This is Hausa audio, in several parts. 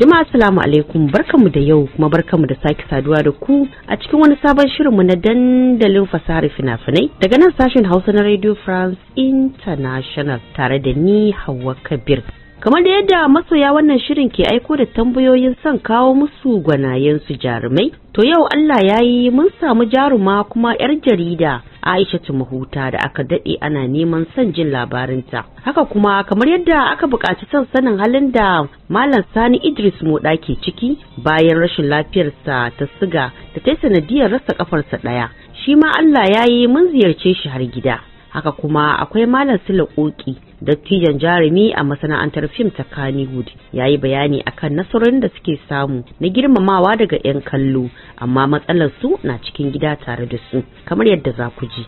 Jama'a assalamu alaikum barkamu da yau kuma barkamu da sake saduwa da ku a cikin wani sabon shirin mu na dandalin fasahar fina-finai daga nan sashen Hausa na Radio France International tare da ni Hauwa Kabir. kamar da yadda masoya wannan shirin ke aiko da tambayoyin son kawo musu gwanayen su jarumai to yau Allah ya yi mun samu jaruma kuma 'yar jarida Aisha Aishatu Mahuta da aka dade ana neman son jin labarinta. Haka kuma kamar yadda aka buƙaci son sanin halin da Malam Sani Idris Moda ke ciki bayan rashin lafiyarsa ta siga da ta sanadiyar rasa kafarsa ɗaya. Shi ma Allah ya yi mun ziyarce shi har gida. haka kuma akwai malam sila koki dattijan jarumi a masana'antar fim ta kannywood ya yi bayani akan nasarorin da suke samu na girmamawa daga 'yan kallo amma matsalar su na cikin gida tare da su kamar yadda za ku ji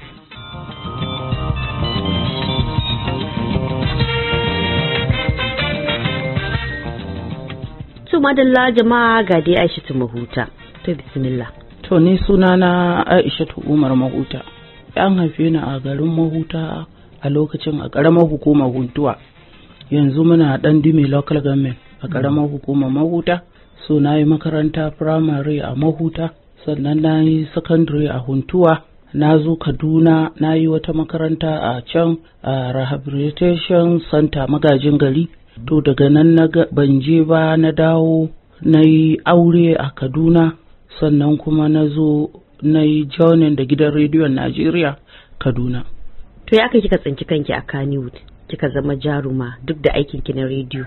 to madalla jama'a ga dai aisha mahuta to bismillah to ni sunana aishatu umar mahuta an haife ni a garin mahuta a lokacin a ƙaramar hukumar huntuwa yanzu muna ɗan dimi local government a ƙaramar mm. hukumar mahuta so na yi makaranta primary a mahuta sannan na yi secondary a huntuwa na zo kaduna na yi wata makaranta a can a rehabilitation center magajin gari to daga nan na ban je ba na dawo na yi aure a kaduna sannan kuma na zo na yi joinin da gidan rediyon najeriya kaduna to ya kai kika tsinci kanki a kannywood kika zama jaruma duk da aikin ki na rediyo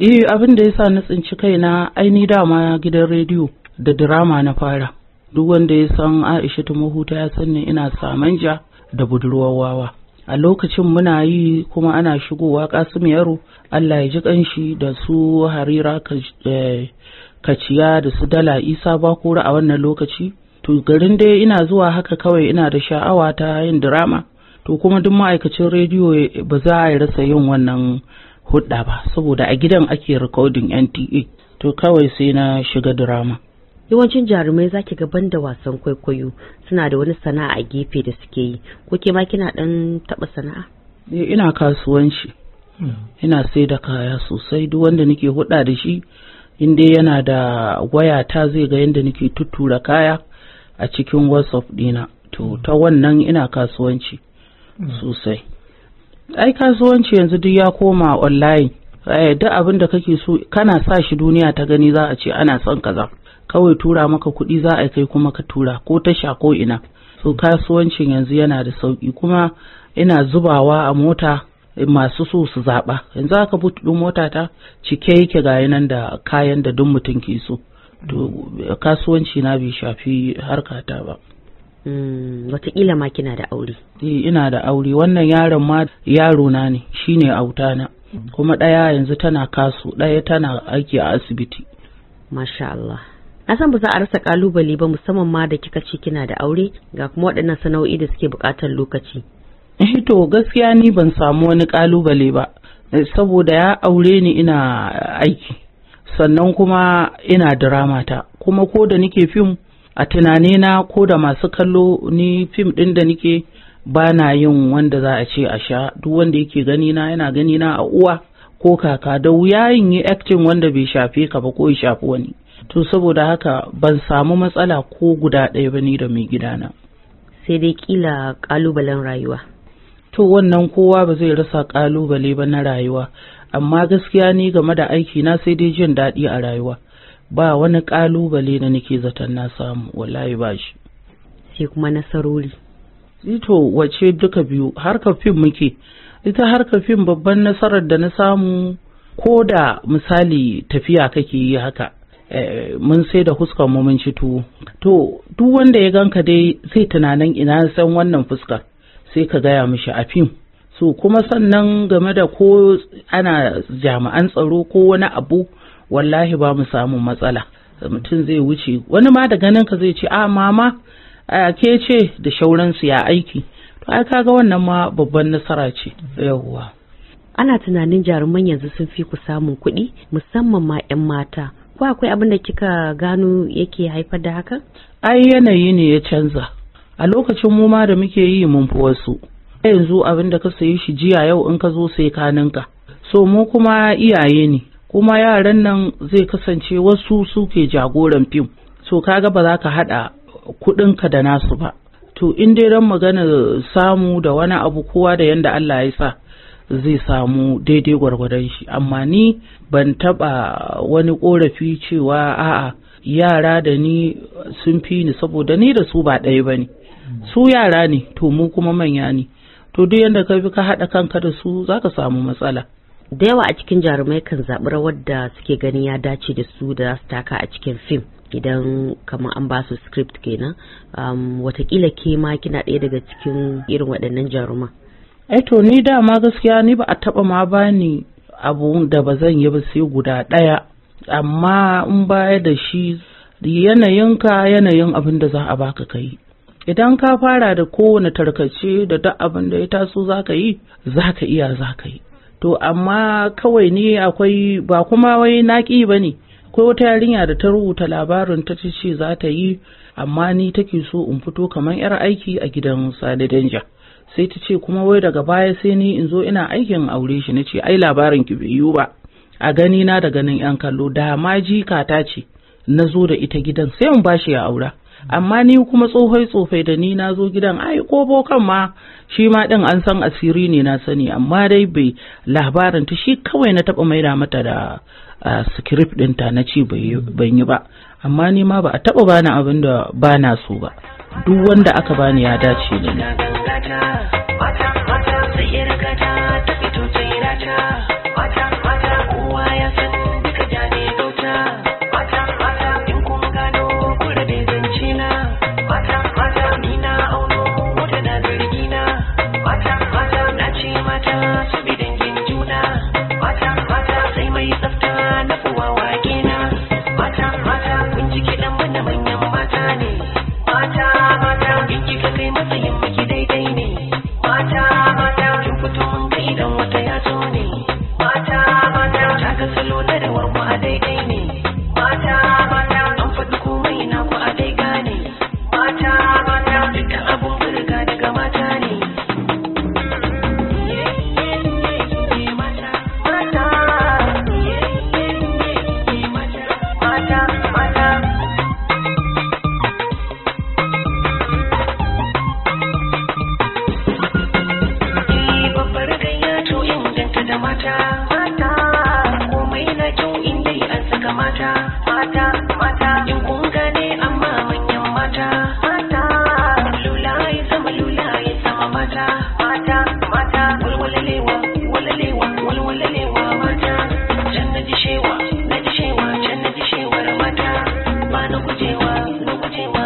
eh abin da yasa na tsinci kaina aini dama gidan rediyo da dirama na fara duk wanda ya san aisha ta mahuta ya san ne ina samanja da budurwar wawa a lokacin muna yi kuma ana shigowa kasim yaro allah ya ji kanshi da su harira eh, kaciya da su dala isa bakura a wannan lokaci to garin dai ina zuwa haka kawai ina da sha'awa ta yin drama to kuma duk ma'aikacin rediyo ba za a rasa yin wannan hudda ba saboda a gidan ake rikodin nta to kawai sai na shiga drama yawancin jarumai zaki ga banda wasan kwaikwayo suna da wani sana'a a gefe da suke yi ko ke ma kina dan taba sana'a eh, ina kasuwanci hmm. ina sai da kaya sosai duk wanda nake hudda da shi in dai yana da waya ta zai ga yadda nake tuttura kaya a cikin whatsapp dina to ta wannan ina kasuwanci mm. sosai ai kasuwanci yanzu duk ya koma online duk abin da kake so kana sa shi duniya ta gani za a ce ana son kaza kawai tura maka kuɗi za a kai kuma ka tura ko tasha ko ina so mm. kasuwancin yanzu yana da sauki kuma ina zubawa a mota eh, masu so su zaɓa yanzu aka butu mota ta cike yake ga nan da kayan da duk mutum ke so kasuwanci na bai shafi harkata ba hmm, watakila ma kina da aure eh, ina da aure wannan yaron ma yaro na ne shi shine na. kuma ɗaya yanzu tana kasu ɗaya tana aiki a asibiti masha Allah na san ba za a rasa kalubale ba musamman ma da kika ce kina da aure ga kuma waɗannan sana'o'i da suke buƙatar lokaci eh, to gaskiya ni ban samu wani kalubale ba eh, saboda ya aure ni ina aiki sannan kuma ina drama ta kuma ko da nike fim a tunanina ko da masu kallo ni fim ɗin da nike ba na yin wanda za a ce a sha duk wanda yake ganina yana ganina a uwa ko kaka da wuya yin yi acting wanda bai shafe ka ba ko ya shafi wani to saboda haka ban samu matsala ko guda ɗaya ba ni da mai gidana sai dai kila ƙalubalen rayuwa to wannan kowa ba zai rasa ƙalubale ba na rayuwa amma gaskiya ni game da aiki na sai dai jin daɗi a rayuwa ba wani ƙalubale da nake zaton na samu wallahi ba shi sai kuma nasarori ito wace duka biyu harkar fim muke ita harkar fim babban nasarar da na samu ko da misali tafiya kake yi haka eh, mun sai da fuskar mu mun ci tuwo to duk wanda ya ganka dai sai tunanin ina san wannan fuskar sai ka gaya mishi a fim so kuma sannan game da ko ana jami'an tsaro ko wani abu wallahi ba mu samun matsala mutum zai wuce wani ma da ganin ka zai ce a ah, mama a ke ce da shauransu ya aiki to ai kaga wannan ma babban nasara ce yawwa ana tunanin jaruman yanzu sun fi ku samun kuɗi musamman ma 'yan mata ko akwai abin da kika gano yake haifar da haka ai yanayi ne ya canza a lokacin mu ma da muke yi mun fi wasu yanzu abin da ka sayi shi jiya yau in ka zo sai ka so mu kuma iyaye ne kuma yaran nan zai kasance wasu suke jagoran fim so kaga ba za ka haɗa kuɗinka da nasu ba to in dai ran magana samu da wani abu kowa da yanda Allah ya sa zai samu daidai gwargwadon shi amma ni ban taɓa wani korafi cewa a'a yara da ni sun fi ni saboda ni da su ba ɗaya ba ne su yara ne to mu kuma manya ne to duk yadda ka bi ka haɗa kanka da su za ka samu matsala da yawa a cikin jarumai kan zaɓi rawar da suke gani ya dace da su da za su taka a cikin fim idan kamar an ba su script kenan um, watakila ke ma kina ɗaya daga cikin irin waɗannan jaruma. ai eh to ni dama gaskiya ni ba a taɓa ma bani abu da ba zan yi ba sai guda ɗaya amma in baya da shi yanayinka yanayin abin da za a baka kai idan ka fara da kowane tarkace da duk abin da ya taso za ka yi za ka iya za ka yi to amma kawai ne akwai ba kuma wai naƙi ba ne akwai wata yarinya da ta rubuta labarin ta ce za ta yi amma ni take so in fito kamar yar aiki a gidan sale danja sai ta ce kuma wai daga baya sai ni in zo ina aikin aure shi na ce ai labarin ki bai yiwu ba a gani na da ganin yan kallo da ma jikata ce na zo da ita gidan sai in bashi ya aura amma ni kuma tsohai tsofai da ni na zo gidan ai kobo kan ma shi ma din an san asiri ne na sani amma dai bai labarin ta shi kawai na taba maida mata da script ta na ce ban yi ba amma ni ma ba a taba bani abin da bana so ba duk wanda aka bani ya dace ne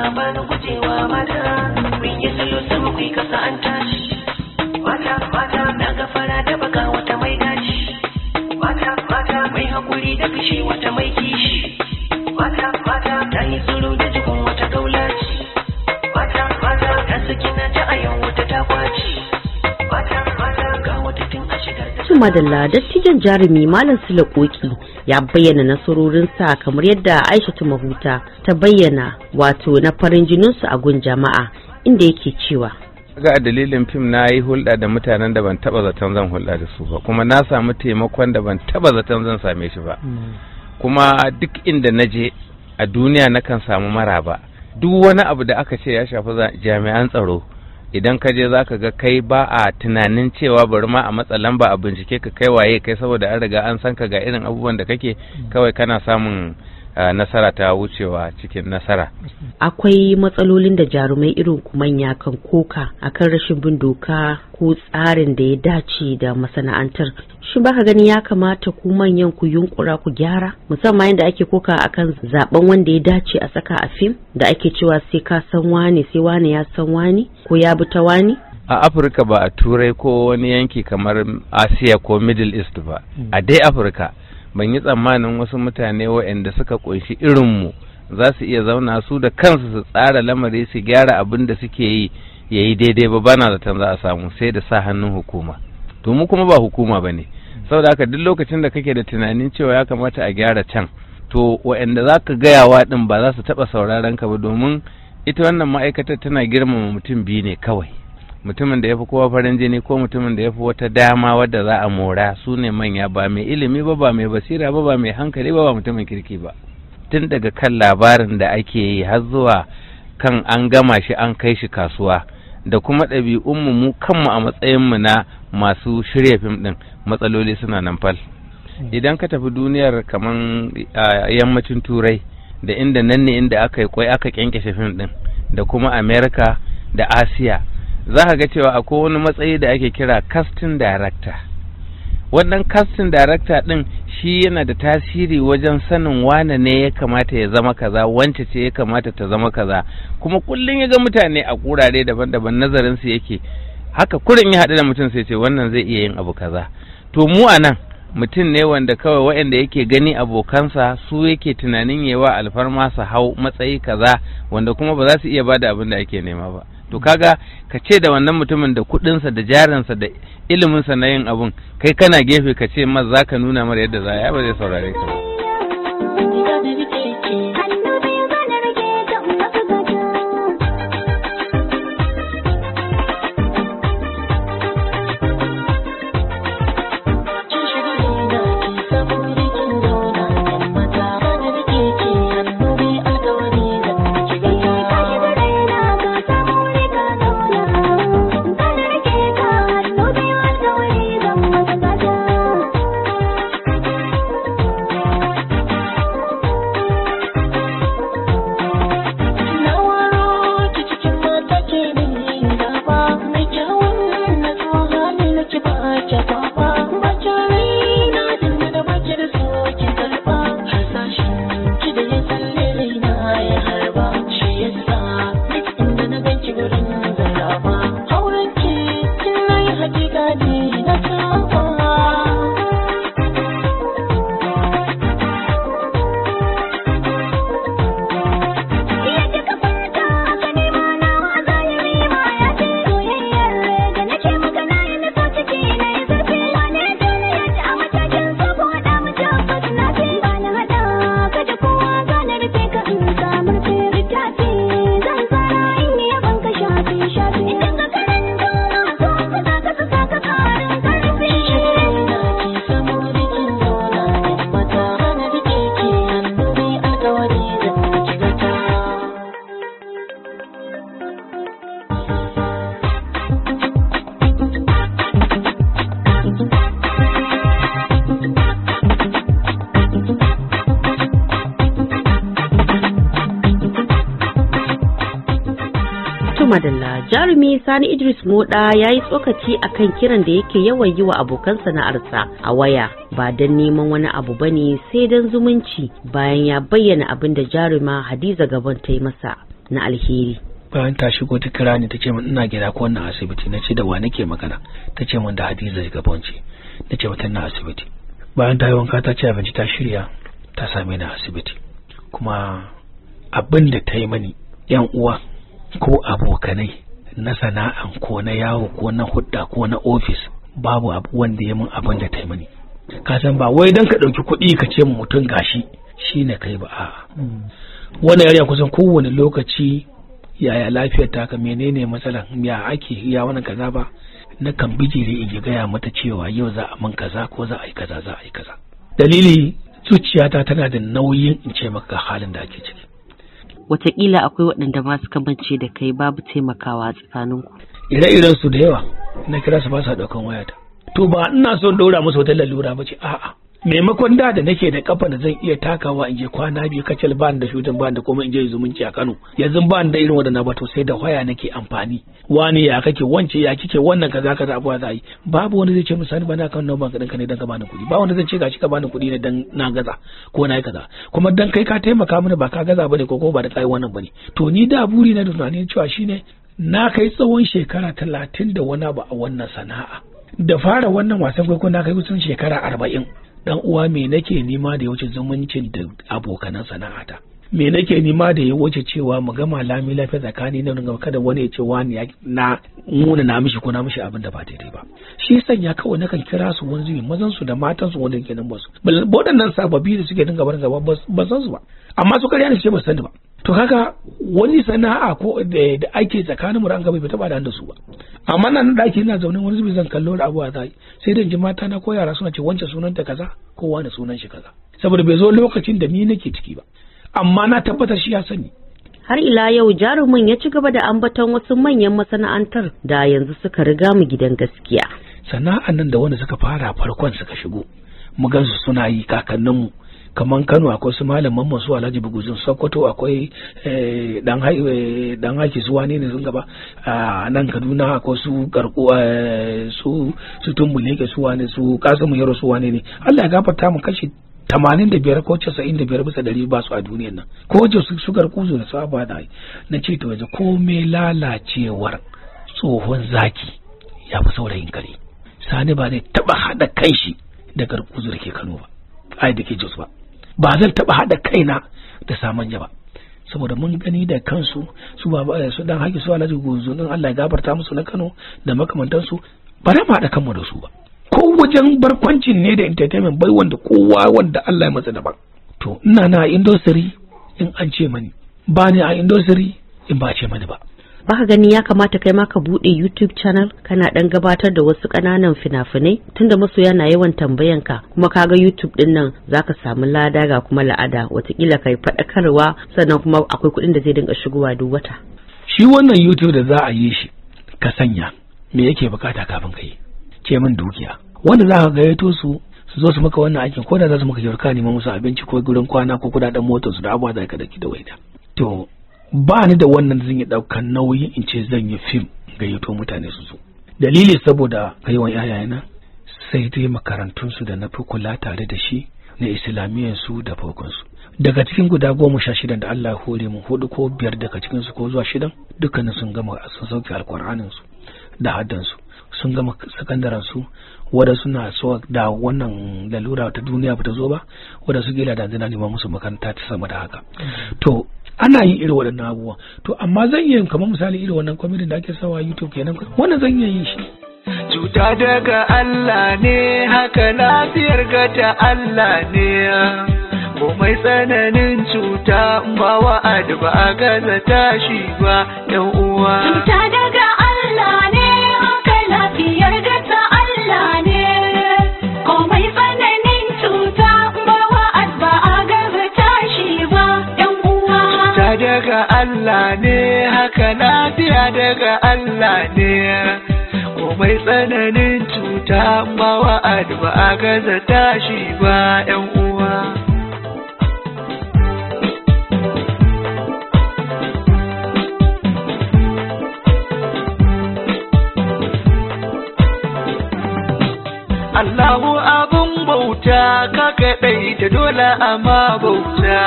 a bani gujewa mata mun yi salo sama kai kasa an tashi mata mata na ga fara da baka wata mai gashi mata mata mai hakuri da fishi wata mai kishi mata mata ta yi tsoro da jikin wata gaulaci mata mata ta saki na ta ayon wata ta kwaci mata mata ga wata tun a shigar da madalla dattijan jarumi malam sulakoki ya bayyana nasarorinsa kamar yadda aisha aishatu mahuta ta bayyana wato na farin jininsu a gun jama'a inda yake cewa ga a dalilin fim na yi hulɗa da mutanen da ban taɓa zaton zan hulɗa da su ba kuma na samu taimakon da ban taɓa zaton zan same shi ba kuma duk inda na je a duniya na kan samu maraba duk wani abu da aka ce ya shafi jami'an tsaro idan ka je za ka ga kai ba a tunanin cewa bari ma a matsa lamba a bincike ka kai waye kai saboda an riga an san ka ga irin abubuwan da kake mm. kawai kana samun nasara ta wucewa cikin nasara. Akwai matsalolin da jarumai irin ku manya kan koka akan rashin bin doka ko tsarin da ya dace da masana'antar. Shin baka gani ya kamata ku manyan ku yunkura ku gyara musamman yadda ake koka akan zaben wanda ya dace a saka a fim da ake cewa sai ka san wani sai wani ya san wani ko ya bi ta wani? a afirka ba a turai ko wani yanki kamar asiya ko middle east ba a dai afirka ban yi tsammanin wasu mutane waɗanda suka ƙunshi irinmu za su iya zauna su da kansu su tsara lamari su gyara abin da suke yi ya yi daidai ba bana zaton za a samu sai da sa hannun hukuma to mu kuma ba hukuma ba ne saboda haka duk lokacin da kake da tunanin cewa ya kamata a gyara can to waɗanda za ka gaya wa ɗin ba za su taɓa sauraron ka ba domin ita wannan ma'aikatar tana girmama mutum biyu ne kawai mutumin da ya fi kowa farin jini ko mutumin da ya fi wata dama wadda za a mora su ne manya ba mai ilimi ba ba mai basira ba ba mai hankali ba ba mutumin kirki ba tun daga kan labarin da ake yi har zuwa kan an gama shi an kai shi kasuwa da kuma ɗabi'unmu mu kanmu a matsayinmu na masu shirya fim ɗin matsaloli suna nan fal idan ka tafi duniyar kaman yammacin turai da inda nan ne inda aka yi kwai aka kyankyashe fim ɗin da kuma amerika da asiya za ka ga cewa akwai wani matsayi da ake kira casting director wannan casting director din shi yana da tasiri wajen sanin wane ne ya kamata ya zama kaza wance ce ya kamata ta zama kaza kuma kullum ya ga mutane a kurare daban-daban nazarin su yake haka kurin ya haɗu da mutum sai ce wannan zai iya yin abu kaza to mu a nan mutum ne wanda kawai waɗanda yake gani abokansa su yake tunanin yawa alfarma su hau matsayi kaza wanda kuma ba za su iya bada abin da ake nema ba to kaga ka ce da wannan mutumin da kuɗinsa da jarinsa da iliminsa na yin abun kai kana gefe ka ce ma za ka nuna mara yadda za a ba zai saurare ka ba Sani sani idris moda ya yi tsokaci a kan kiran da yake yawan yi wa abokan sana'arsa a waya ba don neman wani abu ba ne sai don zumunci bayan ya bayyana abin da jaruma hadiza gaban ta yi masa na alheri bayan ta shigo ta kira ni ta ce min ina gida ko wannan asibiti na ce da wa nake magana ta ce min da hadiza gaban ce na ce mata na asibiti bayan ta yi wanka ta ce abinci ta shirya ta same ni asibiti kuma abin da ta yi mani yan uwa ko abokanai na sana'a ko na yawo ko na hudda ko na ofis babu abu wanda ya min abin da ta mini ka san ba wai dan ka ɗauki kuɗi ka ce mutum gashi shine kai ba a'a wannan yarinya kusan kowane lokaci yaya lafiyar ta ka menene matsalar? ya ake ya wani kaza ba na kan bijiri in gaya mata cewa yau za a min kaza ko za a yi kaza za a yi kaza dalili zuciyata tana da nauyin in ce maka halin da ake ciki watakila akwai waɗanda masu kamance da kai babu taimakawa a tsakanin ku ire-iren su da yawa na kira su ba sa ɗaukan wayata to ba ina son ɗora musu wata lalura ba ce a'a maimakon da da nake da kafa da zan iya takawa in je kwana biyu kacal ba da shudin ba da kuma in je zumunci a Kano yanzu ba da irin wadannan ba to sai da waya nake amfani wani ya kake wance ya kike wannan kaza kaza abuwa za yi babu wani zai ce misali ba na kan nan banka ka ne dan ka bani kuɗi ba wani zai ce gashi ka bani kuɗi ne dan na gaza ko na yi kaza kuma dan kai ka taimaka mini ba ka gaza bane ko ko ba da kai wannan bane to ni da buri na da tunanin cewa shine na kai tsawon shekara talatin da wani abu a wannan sana'a da fara wannan wasan kwaikwayo na kai kusan shekara arba'in dan uwa me nake nema da ya wuce zumuncin da abokanan sana'ata me nake nima da ya wuce cewa mu gama lami lafiya tsakani na ringa kada wani ya ce wani ya na muna na mishi ko na mishi abin da ba daidai ba shi sanya kawai nakan kira su wani yi mazan su da matan su wanda ke nan basu waɗannan sababbi da suke dinga barin gaba ba san su ba amma su karya ne ce ba san ba to haka wani sana'a ko da ake tsakanin mu gaba bai taba da da su ba amma nan da ake ina zaune wani zubi zan kallo da abuwa zai sai dan ji mata na ko yara suna ce wancan sunan ta kaza ko wani sunan shi kaza saboda bai zo lokacin da ni nake ciki ba amma na tabbatar shi ya sani har ila yau jarumin ya ci gaba da ambaton wasu manyan masana'antar da yanzu suka riga mu gidan gaskiya sana'an nan da wanda suka fara farkon suka shigo mu gansu suna yi kakanninmu kaman Kano akwai su malaman masu Alhaji Buguzin Sokoto akwai eh, dan eh, dan haki su wani ne sun gaba a nan Kaduna akwai su garko eh, su su ke su wani su Kasimu Yaro su wani ne Allah ya gafarta mu kashi tamanin da biyar ko casa'in da biyar bisa dari ba su a duniyar nan ko je su sugar kuzo da ba dai na ce ta waje ko me lalacewar tsohon zaki ya fi saurayin kare sani ba zai taɓa haɗa shi da garkuzo da ke kano ba ai da ke jos ba ba zan taba haɗa kaina da saman ba saboda mun gani da kansu su ba eh, su dan haƙi su alhaji gozo Allah ya gafarta musu na Kano da makamantansu ba da mu haɗa kanmu da su ba ko wajen barkwancin ne da entertainment bai wanda kowa wanda Allah ya masa daban to ina na industry in an ce mani ba ni a industry in ba ce mani ba Ba ka gani ya kamata kai ma ka bude YouTube channel kana dan gabatar da wasu kananan fina-finai tunda masoya na yawan tambayan ka kuma kaga YouTube din nan zaka samu lada ga kuma la'ada watakila kai faɗakarwa sannan kuma akwai kuɗin da zai dinga shigowa duk wata shi wannan YouTube da za a yi shi ka sanya me yake bukata kafin ka yi ce min dukiya wanda za ka gayyato su su zo su maka wannan aikin ko da za su maka kyauta neman musu abinci ko gurin kwana ko kudaden motar su da abuwa da ka daki da waida to ba ni da wannan zan yi daukan nauyi in ce zan yi fim gayyato mutane su zo dalili saboda yawan yayana sai dai makarantun su da na fi kula tare da shi na islamiyyar su da farkon su daga cikin guda goma sha shidan da Allah ya hore mu hudu ko biyar daga cikin su ko zuwa shidan dukkanin sun gama sun sauke alkur'anin su da haddan su sun gama sakandaren su wadda suna so da wannan lalura ta duniya ba ta zo ba wadda su gila da zina ne nema musu makaranta ta sama da haka to ana yin irin waɗannan abubuwa to amma zan iya kamar misali irin wannan kwamitin da ake sawa youtube kenan wannan zan iya yi shi cuta daga Allah ne haka lafiyar ga ta Allah ne komai tsananin cuta ba wa'ad ba a gaza tashi ba yan uwa cuta daga da ba a gaza tashi ba ‘yan uwa. Allahu abin bauta ka kaɗai ta dole ma bauta.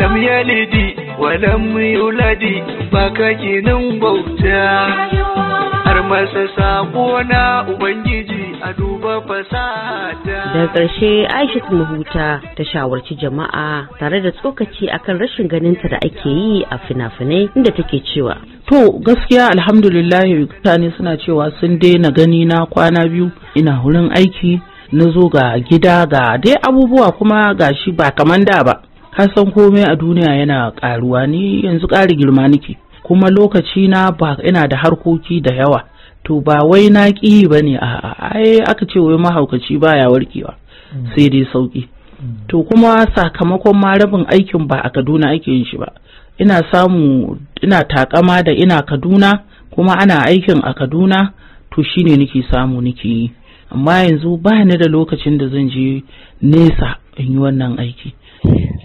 Lam yalidi wa lam yuladi ka ginin bauta. Har masa saƙo na Ubangiji a duba fasata. Daga ƙarshe Aishatu Mahuta ta shawarci jama'a tare da tsokaci akan rashin ganinta da ake yi a fina-finai inda take cewa. To gaskiya alhamdulillah mutane suna cewa sun daina gani na kwana biyu ina wurin aiki na zo ga gida ga dai abubuwa kuma ga shi ba kaman da ba. Ka san komai a duniya yana ƙaruwa ni yanzu ƙari girma nake kuma lokaci na ba ina da harkoki da yawa. to ba wai na ƙi ba ne a ai aka ce wai mahaukaci baya warkewa mm. sai dai sauƙi mm. to kuma sakamakon ma rabin aikin ba a kaduna ake yin shi ba ina samu ina takama da ina kaduna kuma ana aikin a kaduna to shine nake samu nake yi amma yanzu ba ni da lokacin da zan je nesa in yi wannan aiki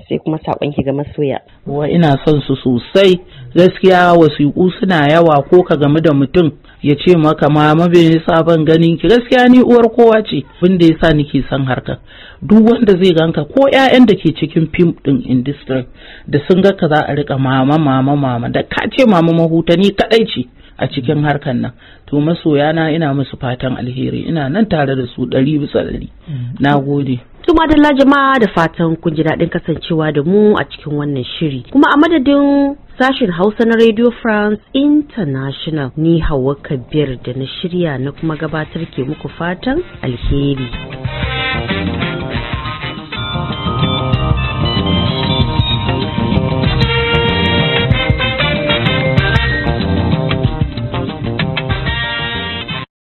sai kuma saƙon ki ga masoya wa ina son su sosai gaskiya wasiƙu suna yawa ko ka gamu da mutum ya ce maka mama bai yasa ban ganin ki gaskiya ni uwar kowa ce binda da yasa nake san harka duk wanda zai ganka ko ƴaƴan da ke cikin fim din industry da sun ga ka za a rika mama mama mama da ka ce mama mahuta ni kadai ce a cikin harkar nan to masoya na ina musu fatan alheri ina nan tare da su ɗari bisa ɗari mm. na gode to da jama'a da fatan kun ji daɗin kasancewa da mu a cikin wannan shiri. Kuma a madadin sashen Hausa na Radio France International ni Hawa Kabir da na shirya na kuma gabatar ke muku fatan alheri.